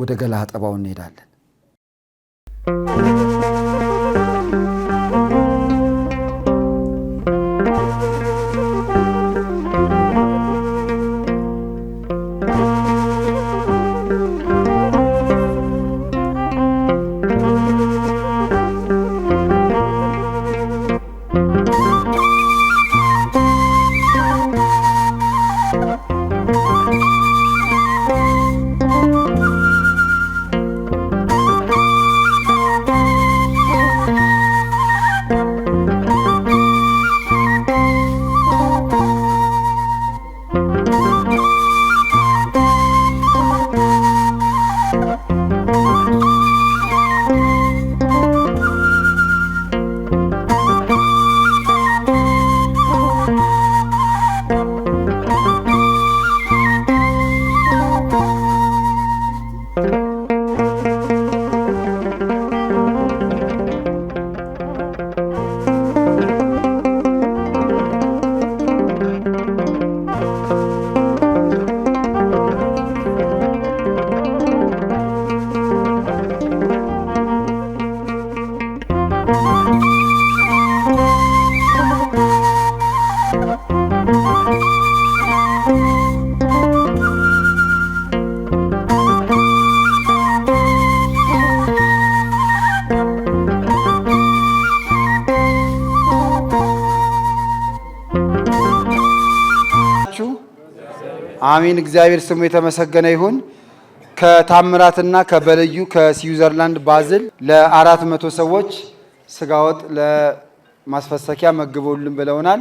ወደ ገላ አጠባውን እንሄዳለን። አሜን። እግዚአብሔር ስሙ የተመሰገነ ይሁን። ከታምራትና ከበልዩ ከስዊዘርላንድ ባዝል ለአራት መቶ ሰዎች ስጋ ወጥ ለማስፈሰኪያ መግበውልን ብለውናል።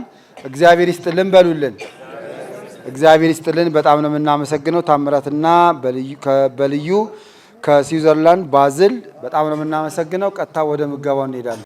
እግዚአብሔር ይስጥልን በሉልን። እግዚአብሔር ይስጥልን። በጣም ነው የምናመሰግነው። ታምራትና በልዩ ከስዊዘርላንድ ባዝል በጣም ነው የምናመሰግነው። ቀጥታ ወደ ምገባው እንሄዳለን።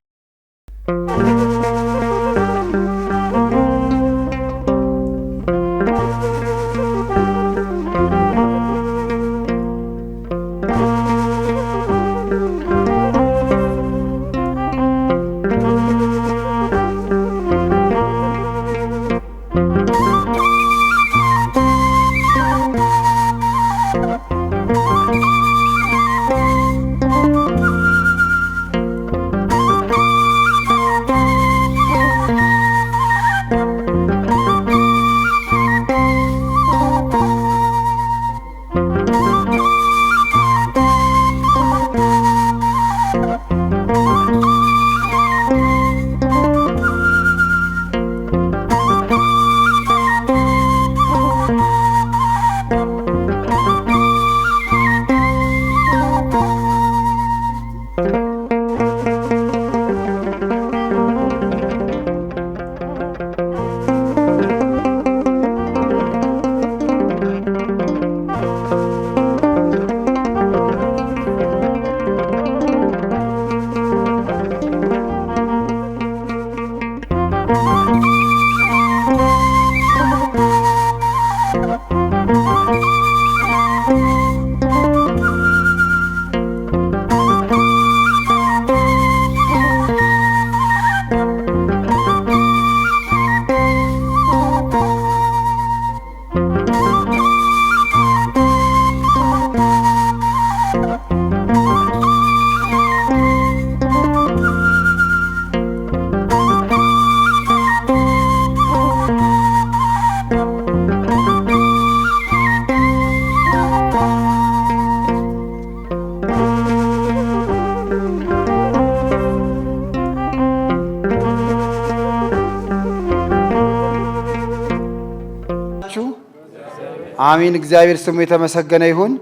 አሚን። እግዚአብሔር ስሙ የተመሰገነ ይሁን።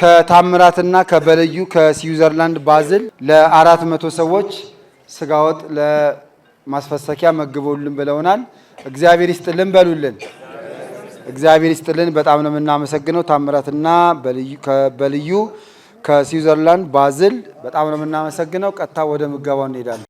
ከታምራትና ከበልዩ ከስዊዘርላንድ ባዝል ለአራት መቶ ሰዎች ስጋ ወጥ ለማስፈሰኪያ መግቦልን ብለውናል። እግዚአብሔር ይስጥልን በሉልን። እግዚአብሔር ይስጥልን። በጣም ነው የምናመሰግነው። ታምራትና በልዩ ከስዊዘርላንድ ባዝል በጣም ነው የምናመሰግነው። ቀጥታ ወደ ምገባው እንሄዳለን።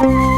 you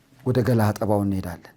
ወደ ገላ አጠባውን እንሄዳለን።